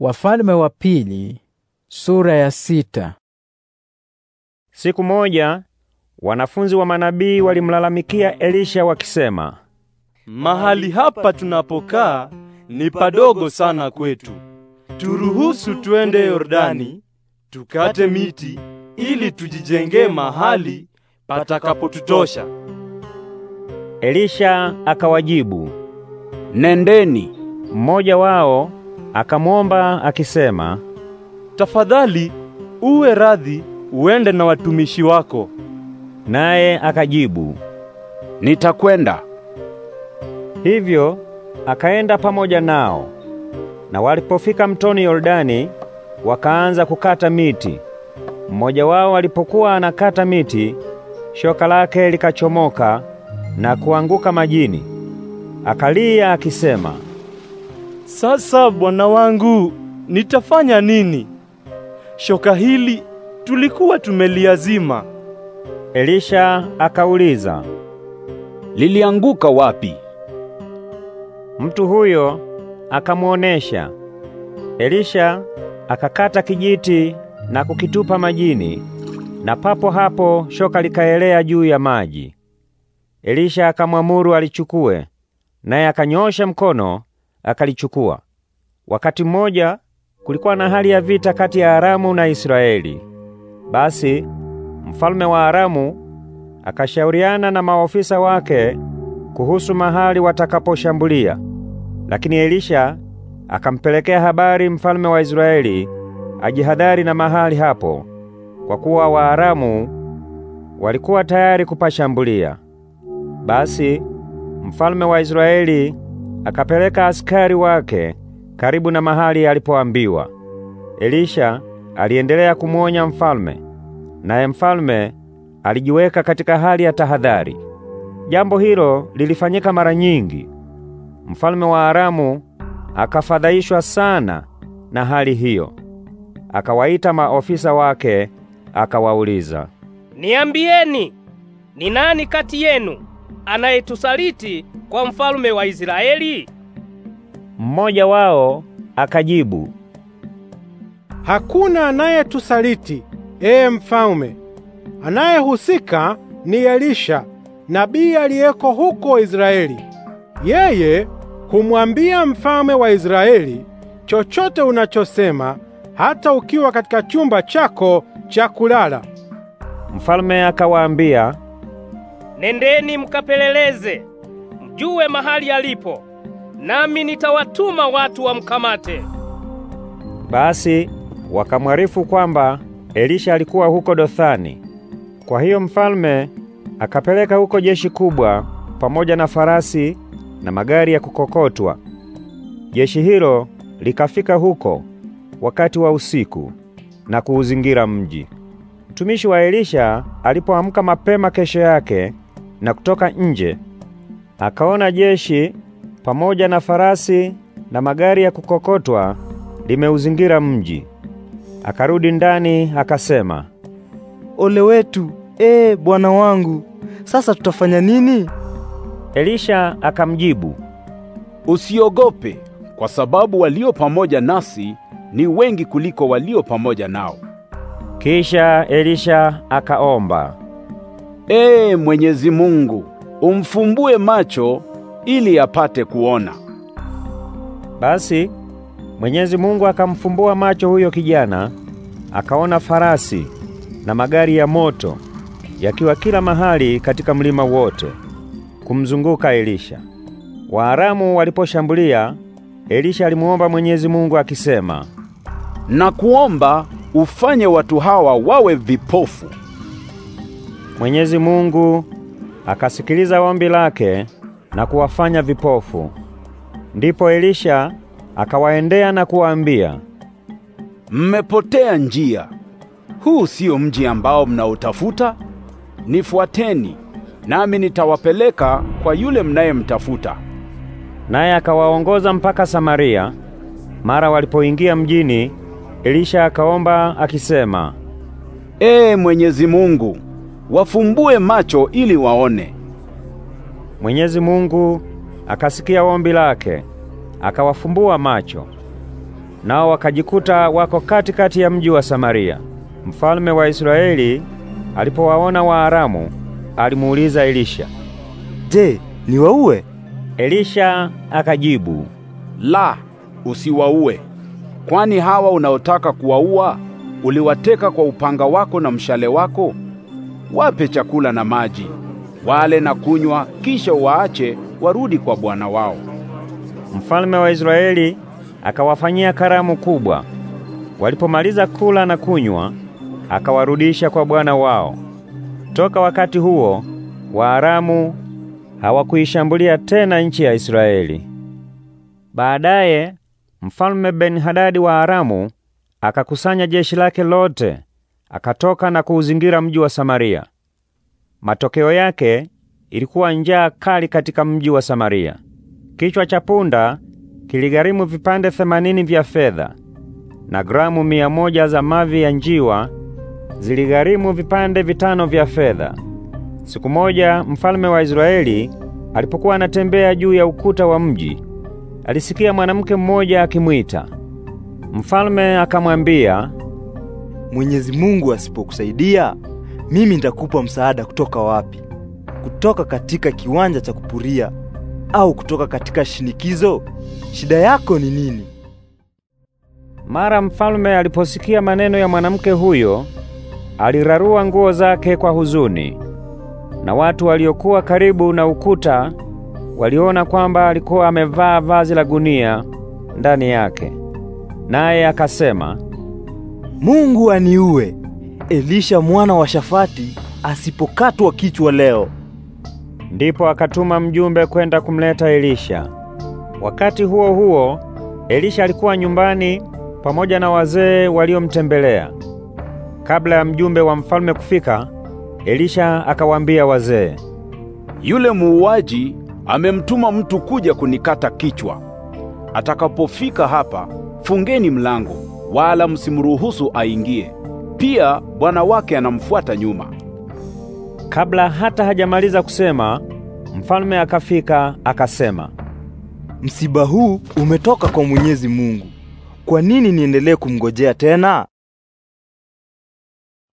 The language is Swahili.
Wafalme wa pili, sura ya sita. Siku moja wanafunzi wa manabii walimlalamikia Elisha wakisema, mahali hapa tunapokaa ni padogo sana kwetu. Turuhusu twende Yordani tukate miti ili tujijengee mahali patakapotutosha. Elisha akawajibu, nendeni. Mmoja wao akamwomba akisema, tafadhali uwe radhi uende na watumishi wako. Naye akajibu, nitakwenda. Hivyo akaenda pamoja nao, na walipofika mtoni Yordani wakaanza kukata miti. Mmoja wao alipokuwa anakata miti, shoka lake likachomoka na kuanguka majini. Akalia akisema sasa bwana wangu, nitafanya nini? Shoka hili tulikuwa tumeliazima. Elisha akauliza, lilianguka wapi? Mtu huyo akamuonesha. Elisha akakata kijiti na kukitupa majini, na papo hapo shoka likaelea juu ya maji. Elisha akamwamuru alichukue, naye akanyosha mkono akalichukua. Wakati mmoja kulikuwa na hali ya vita kati ya Aramu na Israeli. Basi mfalme wa Aramu akashauriana na maofisa wake kuhusu mahali watakaposhambulia, lakini Elisha akampelekea habari mfalme wa Israeli ajihadhari na mahali hapo, kwa kuwa Waaramu walikuwa tayari kupashambulia. Basi mfalme wa Israeli akapeleka askari wake karibu na mahali alipoambiwa. Elisha aliendelea kumuonya mfalme, naye mfalme alijiweka katika hali ya tahadhari. Jambo hilo lilifanyika mara nyingi. Mfalme wa Aramu akafadhaishwa sana na hali hiyo, akawaita maofisa wake akawauliza, niambieni, ni nani kati yenu anayetusaliti kwa mfalme wa Israeli? Mmoja wao akajibu, hakuna anayetusaliti, ee mfalme. Anayehusika ni Elisha nabii aliyeko huko Israeli. Yeye humwambia mfalme wa Israeli chochote unachosema, hata ukiwa katika chumba chako cha kulala. Mfalme akawaambia, Nendeni mkapeleleze mjue mahali alipo, nami nitawatuma watu wamkamate. Basi wakamwarifu kwamba Elisha alikuwa huko Dothani. Kwa hiyo mfalme akapeleka huko jeshi kubwa pamoja na farasi na magari ya kukokotwa. Jeshi hilo likafika huko wakati wa usiku na kuuzingira mji. Mtumishi wa Elisha alipoamka mapema kesho yake na kutoka nje akaona jeshi pamoja na farasi na magari ya kukokotwa limeuzingira mji. Akarudi ndani akasema, ole wetu, ee bwana wangu, sasa tutafanya nini? Elisha akamjibu, usiogope, kwa sababu walio pamoja nasi ni wengi kuliko walio pamoja nao. Kisha Elisha akaomba. Ee Mwenyezi Mungu, umfumbue macho ili apate kuona. Basi Mwenyezi Mungu akamfumbua macho huyo kijana, akaona farasi na magari ya moto yakiwa kila mahali katika mlima wote kumzunguka Elisha. Waaramu waliposhambulia, Elisha alimuomba Mwenyezi Mungu akisema, nakuomba ufanye watu hawa wawe vipofu. Mwenyezi Mungu akasikiliza ombi lake na kuwafanya vipofu. Ndipo Elisha akawaendea na kuwaambia, mmepotea njia. Huu siyo mji ambao mnautafuta. Nifuateni, nami nitawapeleka kwa yule mnayemtafuta. Naye akawaongoza mpaka Samaria. Mara walipoingia mjini, Elisha akaomba akisema, Ee Mwenyezi Mungu, wafumbue macho ili waone. Mwenyezi Mungu akasikia ombi lake, akawafumbua macho, nao wakajikuta wako katikati kati ya mji wa Samaria. Mfalme wa Israeli alipowaona Waaramu alimuuliza Elisha, "Je, niwaue?" Elisha akajibu, "La, usiwaue. Kwani hawa unaotaka kuwaua uliwateka kwa upanga wako na mshale wako?" wape chakula na maji, wale na kunywa, kisha waache warudi kwa bwana wao. Mfalme wa Israeli akawafanyia karamu kubwa. Walipomaliza kula na kunywa, akawarudisha kwa bwana wao. Toka wakati huo Waaramu hawakuishambulia tena nchi ya Israeli. Baadaye mfalme Ben-Hadadi wa Aramu akakusanya jeshi lake lote akatoka na kuuzingira mji wa Samaria. Matokeo yake ilikuwa njaa kali katika mji wa Samaria. Kichwa cha punda kiligharimu vipande themanini vya fedha na gramu mia moja za mavi ya njiwa ziligharimu vipande vitano vya fedha. Siku moja mfalme wa Israeli alipokuwa anatembea juu ya ukuta wa mji, alisikia mwanamke mmoja akimwita. Mfalme akamwambia, Mwenyezi Mungu asipokusaidia, mimi nitakupa msaada kutoka wapi? Kutoka katika kiwanja cha kupuria au kutoka katika shinikizo? Shida yako ni nini? Mara mfalme aliposikia maneno ya mwanamke huyo, alirarua nguo zake kwa huzuni. Na watu waliokuwa karibu na ukuta waliona kwamba alikuwa amevaa vazi la gunia ndani yake. Naye akasema, Mungu aniue, Elisha mwana wa Shafati asipokatwa kichwa leo. Ndipo akatuma mjumbe kwenda kumleta Elisha. Wakati huo huo, Elisha alikuwa nyumbani pamoja na wazee waliomtembelea. Kabla ya mjumbe wa mfalme kufika, Elisha akawaambia wazee, yule muuaji amemtuma mtu kuja kunikata kichwa. Atakapofika hapa, fungeni mlango wala msimruhusu aingie. Pia bwana wake anamfuata nyuma. Kabla hata hajamaliza kusema, mfalme akafika akasema, msiba huu umetoka kwa Mwenyezi Mungu. Kwa nini niendelee kumgojea tena?